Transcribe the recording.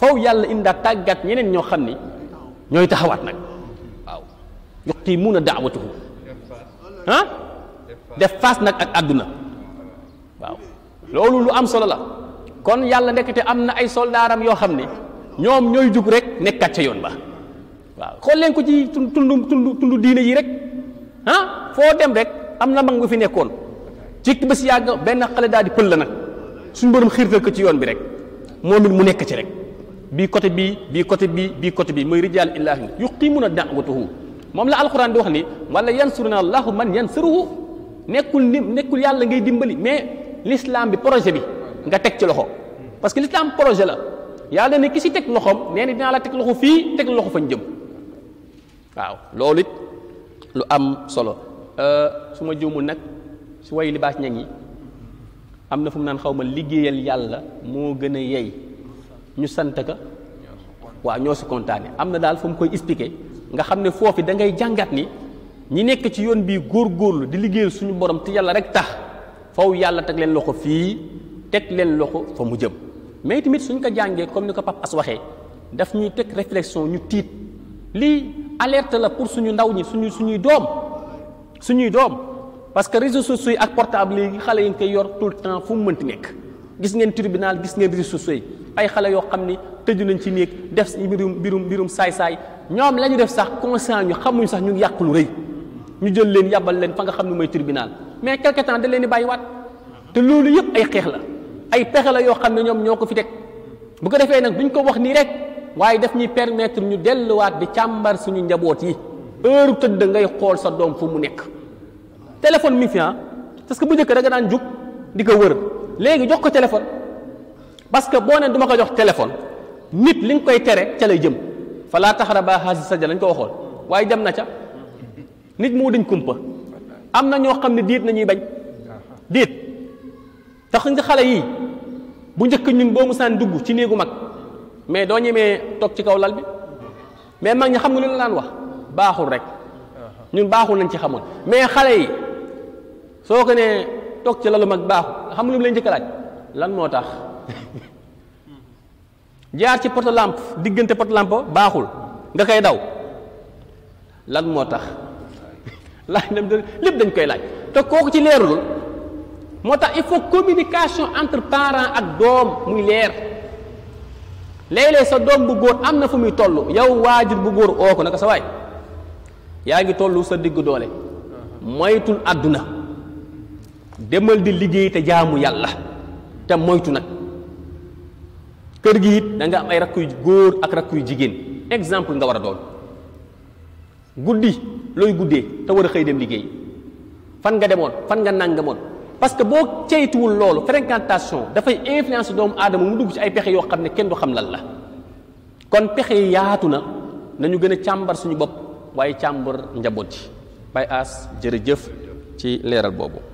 foofu yàlla indaa tàggat ñeneen ñoo xam ni ñooy taxawaat nag waaw yuqimuuna daawatuhu ah def fas nag ak àdduna loolu lu am solo la kon yàlla ndekete am na ay soldaaram yoo xam ne ñoom ñooy jug rek nekkat ca yoon ba waaw xool leen ko ci tund tund tund diine yi rek foo dem rek am na mag bu fi nekkoon ci bés yàgg benn xale daal di pël la nag suñu borom xiirtal ko ci yoon bi rek moom it mu nekk ci rek bii côté bii bii côté bii bii côté bii mooy rijaal illaahi yuqiimuuna da'watahu moom la alxuraan di wax ni wala yansuruna allahu man yansuruhu nekkul ni nekkul yàlla ngay dimbali mais l'islam bi projet bi nga teg ci loxo parce que l'islam projet la yàlla ne ki si teg loxoom nee na dinaa la teg loxo fii teg loxo fañ jëm waaw loolu it lu am solo euh, su ma juumul nag su way libaas ñaŋ yi am na fu mu naan xaw ma liggéeyal yàlla moo gën a yey ñu sant ka waaw ñoo si kontaane am na daal fu mu koy expliquer nga xam ne foofu da ngay jàngat ni ñi nekk ci yoon bii góor góorlu di liggéeyal suñu borom te yàlla rek tax faw yàlla teg leen loxo fii teg leen loxo fa mu jëm mais tamit suñ ko jàngee comme ni ko Pape As waxee daf ñuy teg réflexion ñu tiit lii alerte la pour suñu ndaw ñi suñu suñuy doom suñuy doom parce que réseaux sociaux yi ak portable yi xale yi nga koy yor tout le temps fu mu mënti nekk gis ngeen tribunal gis ngeen réseaux sociaux yi ay xale yoo xam ni tëju nañ ci néeg def si mbirum mbirum mbirum saay-saay ñoom la ñu def sax conscient ñu xamuñ sax ñu ngi yàqulu lu rëy ñu jël leen yàbbal leen fa nga xam ne mooy tribunal mais quelque temps da leen di bàyyiwaat te loolu yëpp ay xeex la ay pexe la yoo xam ne ñoom ñoo ko fi teg bu ko defee nag duñ ko wax nii rek waaye daf ñuy permettre ñu delluwaat di càmbar suñu njaboot yi heure tëdd ngay xool sa doom fu mu nekk téléphone mi fi ah. parce que bu njëkk da nga daan jug di ko wër léegi jox ko téléphone. parce que boo ne du ko jox téléphone nit li nga koy tere ca lay jëm falaa taqrabaa haadihi sajda lañ ko waxoon waaye dem na ca nit moo dañ kumpa am na ñoo xam ne diit nañuy bañ diit tax nga xale yi bu njëkk ñun boo musaan dugg ci néegu mag mais doo ñemee toog ci kaw lal bi mais mag ñi xam nga lu la daan wax baaxul rek ñun baaxul nañ ci xamoon mais xale yi soo ko nee toog ci lalu mag baaxul xam nga lu mu leen laaj lan moo tax jaar ci poto làmp diggante poto làmp baaxul nga koy daw lan moo tax laaj nam lépp dañ koy laaj te kooku ci leerul moo tax il faut communication entre parents ak doom muy leer léeg-léeg sa doom bu góor am na fu muy toll yow waajur bu góor oo ko naka sa waay yaa ngi tollu sa digg doole moytul àdduna demal di liggéey te jaamu yàlla te moytu nag kër gi it da nga am ay rakk yu góor ak rakk yu jigéen exemple nga war a doon guddi looy guddee te war a xëy dem liggéey fan nga demoon fan nga nangamoon parce que boo ceytuwul loolu fréquentation dafay influence doomu aadama mu dugg ci ay pexe yoo xam ne kenn du xam lan la kon pexe yi yaatu na nañu gën a càmbar suñu bopp waaye càmbar njaboot yi bay aas jërëjëf ci leeral boobu